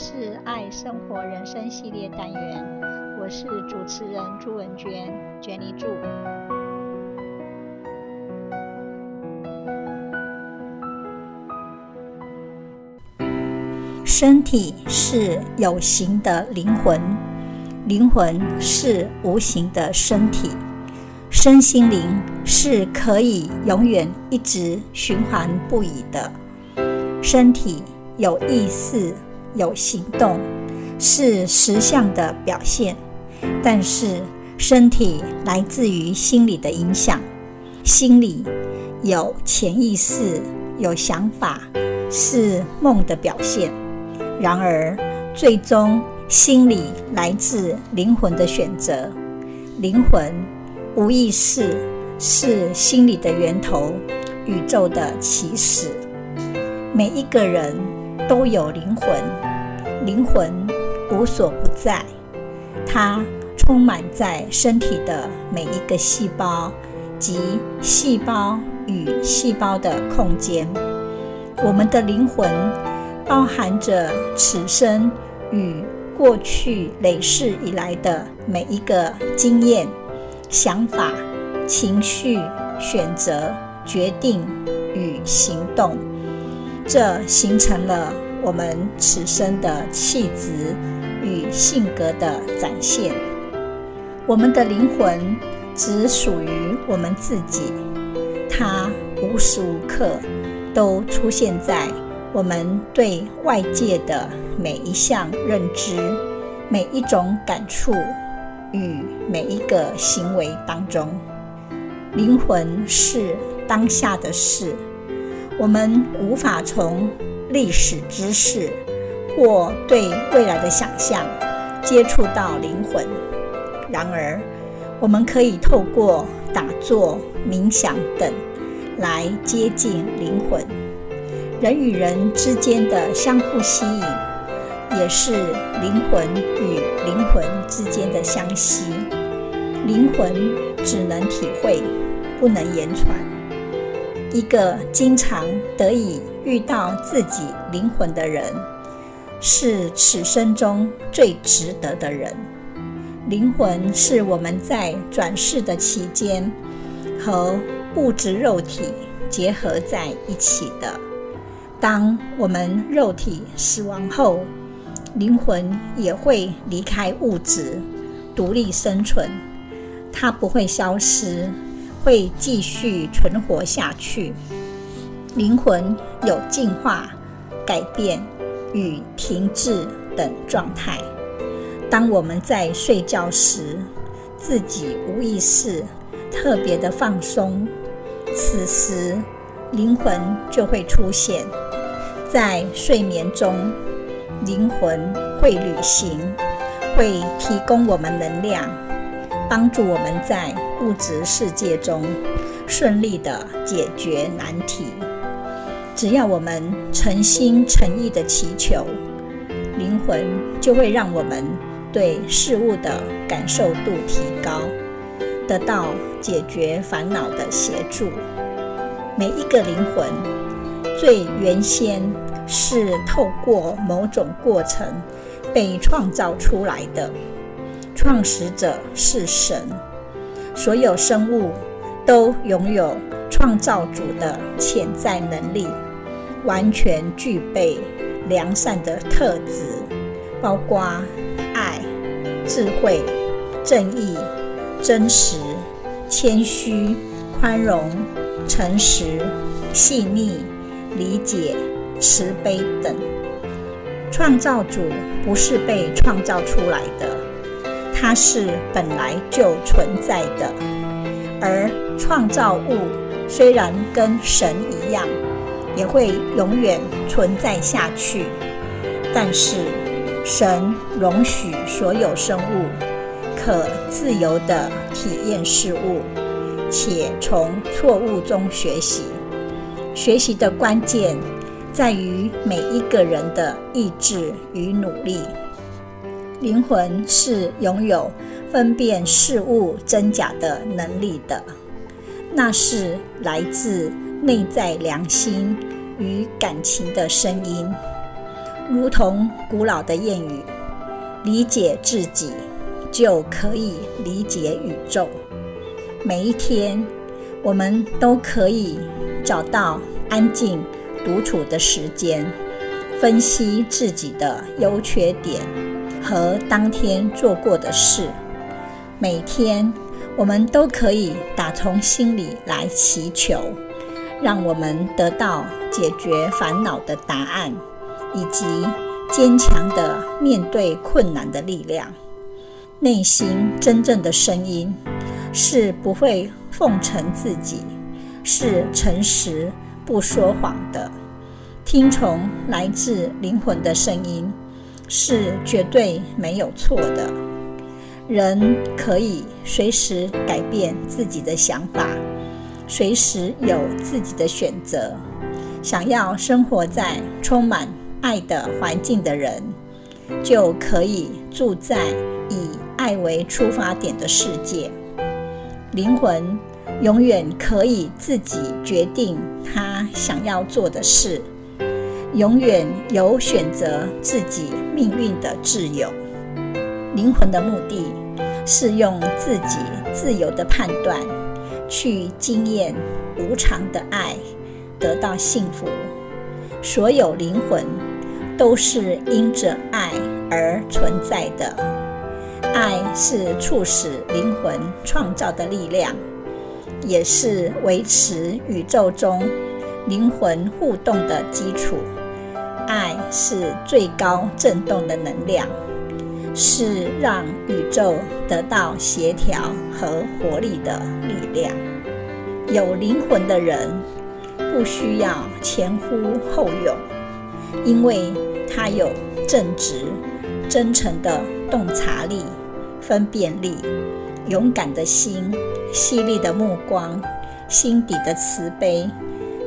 是愛生活人生系列單元，我是主持人朱文娟，娟妮祝。身體是有形的靈魂，靈魂是無形的身體，身心靈是可以永遠一直循環不已的。身體有意識。有行動是實相的表現，但是身體來自於心理的影響。心理有潛意識，有想法，是夢的表現。然而，最終心理來自靈魂的選擇。靈魂無意識是心理的源頭，宇宙的起始。每一個人。都有靈魂，靈魂無所不在，它充滿在身體的每一個細胞及細胞與細胞的空間。我們的靈魂包含着此生與過去累世以來的每一個經驗、想法、情緒、選擇、決定與行動。這形成了我們此生的氣質與性格的展現。我們的靈魂只屬於我們自己，它無時無刻都出現在我們對外界的每一項認知、每一種感觸與每一個行為當中。靈魂是當下的事。我們無法從歷史知識或對未來的想象接觸到靈魂。然而，我們可以透過打坐、冥想等，來接近靈魂。人與人之間的相互吸引，也是靈魂與靈魂之間的相吸。靈魂只能體會，不能言傳。一個經常得以遇到自己靈魂的人，是此生中最值得的人。靈魂是我們在轉世的期間和物質肉體結合在一起的。當我們肉體死亡後，靈魂也會離開物質，獨立生存，它不會消失。會繼續存活下去。靈魂有進化、改變與停滯等狀態。當我們在睡覺時，自己無意識，特別的放鬆，此時，靈魂就會出現。在睡眠中，靈魂會旅行，會提供我們能量，幫助我們在物質世界中，順利的解決難題，只要我們誠心誠意的祈求，靈魂就會讓我們對事物的感受度提高，得到解決煩惱的協助。每一個靈魂最原先是透過某種過程被創造出來的，創始者是神。所有生物都擁有創造主的潛在能力，完全具備良善的特質，包括愛、智慧、正義、真實、謙虛、寬容、誠實、細膩、理解、慈悲等。創造主不是被創造出來的。它是本來就存在的，而創造物雖然跟神一樣，也會永遠存在下去，但是神容許所有生物可自由地體驗事物，且從錯誤中學習。學習的關鍵在於每一個人的意志與努力。靈魂是擁有分辨事物真假的能力的，那是來自內在良心與感情的聲音。如同古老的諺語：“理解自己，就可以理解宇宙。”每一天，我們都可以找到安靜獨處的時間，分析自己的優缺點。和當天做過的事，每天我們都可以打從心裡來祈求，讓我們得到解決煩惱的答案，以及堅強的面對困難的力量。內心真正的聲音是不會奉承自己，是誠實不說謊的。聽從來自靈魂的聲音。是絕對沒有錯的。人可以隨時改變自己的想法，隨時有自己的選擇。想要生活在充滿愛的環境的人，就可以住在以愛為出發點的世界。靈魂永遠可以自己決定他想要做的事。永遠有選擇自己命運的自由。靈魂的目的，是用自己自由的判斷去經驗無償的愛，得到幸福。所有靈魂都是因着愛而存在的，愛是促使靈魂創造的力量，也是維持宇宙中靈魂互動的基礎。愛是最高振動的能量，是讓宇宙得到協調和活力的力量。有靈魂的人不需要前呼後擁，因為他有正直、真誠的洞察力、分辨力、勇敢的心、犀利的目光、心底的慈悲、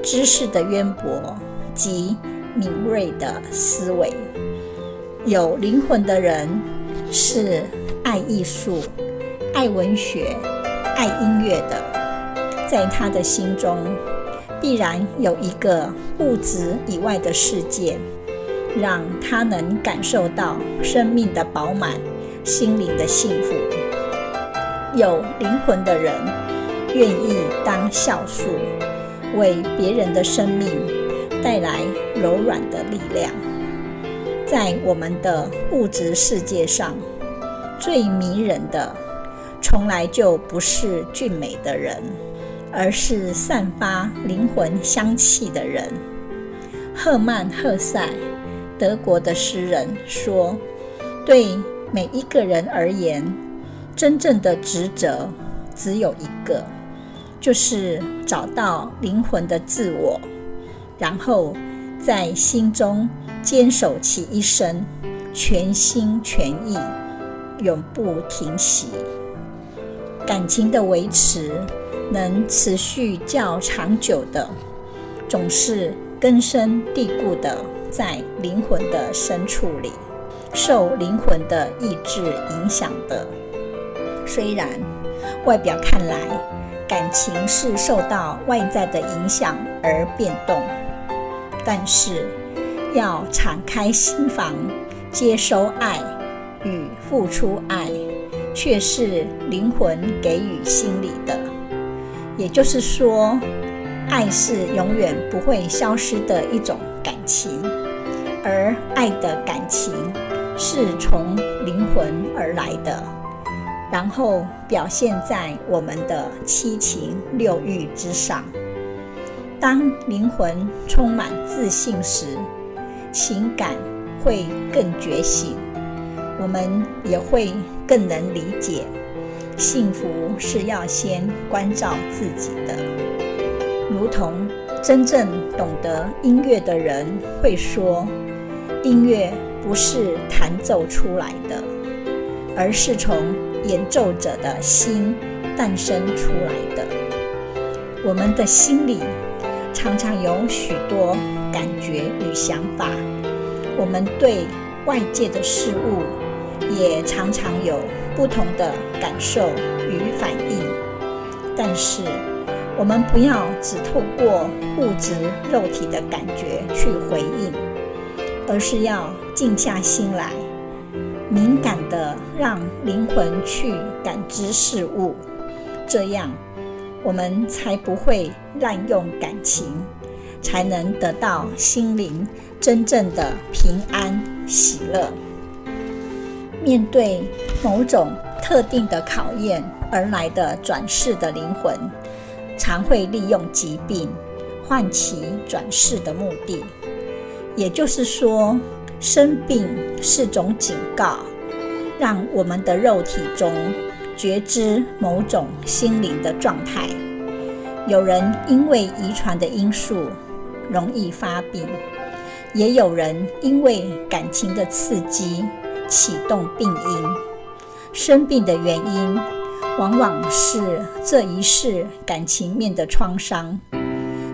知識的淵博及。敏銳的思維，有靈魂的人是愛藝術、愛文學、愛音樂的，在他的心中必然有一個物質以外的世界，讓他能感受到生命的飽滿、心靈的幸福。有靈魂的人願意當酵素，為別人的生命。帶來柔軟的力量，在我們的物質世界上，最迷人的從來就不是俊美的人，而是散發靈魂香氣的人。赫曼·赫塞，德國的詩人說：“對每一個人而言，真正的職責只有一個，就是找到靈魂的自我。”然後在心中堅守其一生，全心全意，永不停息。感情的維持能持續較長久的，總是根深蒂固的，在靈魂的深處裡，受靈魂的意志影響的。雖然外表看來，感情是受到外在的影響而變動，但是，要敞開心房，接收愛與付出愛，卻是靈魂給予心理的。也就是說，愛是永遠不會消失的一種感情，而愛的感情是從靈魂而來的，然後表現在我們的七情六慾之上。當靈魂充滿自信時，情感會更覺醒，我們也會更能理解，幸福是要先關照自己的。如同真正懂得音樂的人會說，音樂不是彈奏出來的，而是從演奏者的心誕生出來的。我們的心理，常常有許多感覺與想法，我們對外界的事物也常常有不同的感受與反應。但是，我們不要只透過物質肉體的感覺去回應，而是要靜下心來，敏感地讓靈魂去感知事物，這樣。我們才不會濫用感情，才能得到心靈真正的平安喜樂。面對某種特定的考驗而來的轉世的靈魂，常會利用疾病喚起轉世的目的。也就是說，生病是種警告，讓我們的肉體中。覺知某種心靈的狀態。有人因為遺傳的因素，容易發病，也有人因為感情的刺激，啟動病因。生病的原因，往往是這一世感情面的創傷。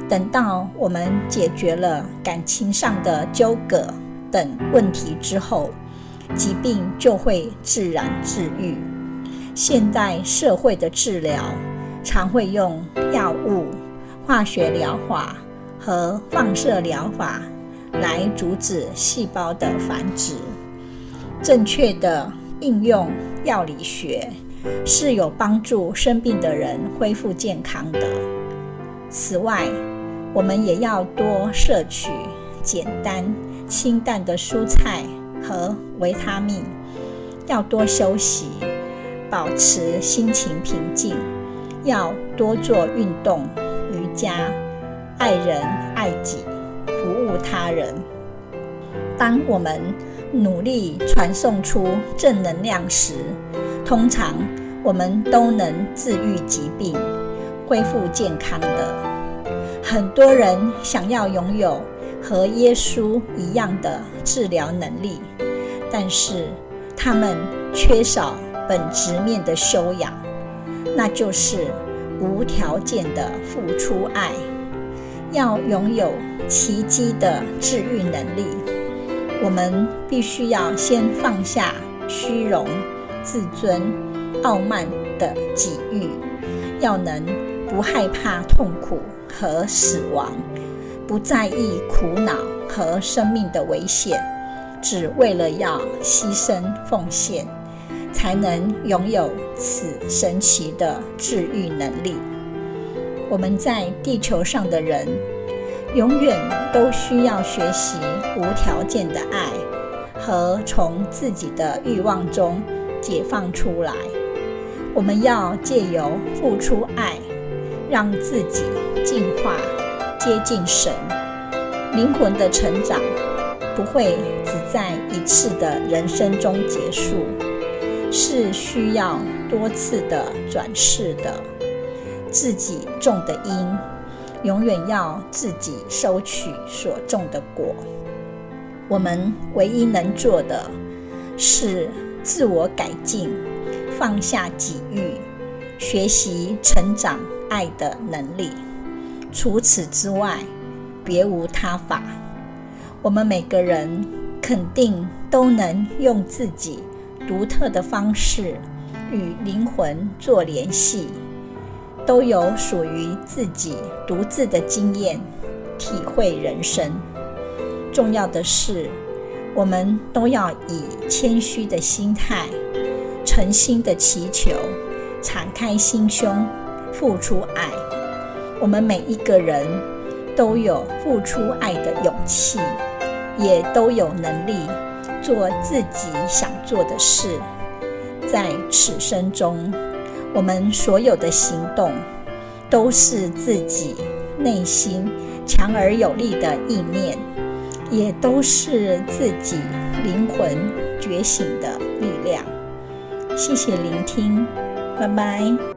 等到我們解決了感情上的糾葛等問題之後，疾病就會自然治癒。現代社會的治療常會用藥物、化學療法和放射療法，來阻止細胞的繁殖。正確的應用藥理學，是有幫助生病的人恢復健康的。此外，我們也要多攝取簡單清淡的蔬菜和維他命，要多休息。保持心情平靜，要多做運動、瑜伽，愛人、愛己，服務他人。當我們努力傳送出正能量時，通常我們都能治癒疾病、恢復健康的。很多人想要擁有和耶穌一樣的治療能力，但是他們缺少。本質面的修養，那就是無條件的付出愛。要擁有奇蹟的治癒能力，我們必須要先放下虛榮、自尊、傲慢的己欲，要能不害怕痛苦和死亡，不在意苦惱和生命的危險，只為了要犧牲奉獻。才能擁有此神奇的治癒能力。我們在地球上的人，永遠都需要學習無條件的愛和從自己的欲望中解放出來。我們要借由付出愛，讓自己進化，接近神。靈魂的成長不會只在一次的人生中結束。是需要多次的轉世的，自己種的因，永遠要自己收取所種的果。我們唯一能做的，是自我改進，放下己欲，學習成長愛的能力。除此之外，別無他法。我們每個人肯定都能用自己，獨特的方式與靈魂做聯繫，都有屬於自己獨自的經驗，體會人生。重要的是，我們都要以謙虛的心態，誠心的祈求，敞開心胸，付出愛。我們每一個人都有付出愛的勇氣。也都有能力做自己想做的事，在此生中，我們所有的行動都是自己內心強而有力的意念，也都是自己靈魂覺醒的力量。謝謝聆聽，拜拜。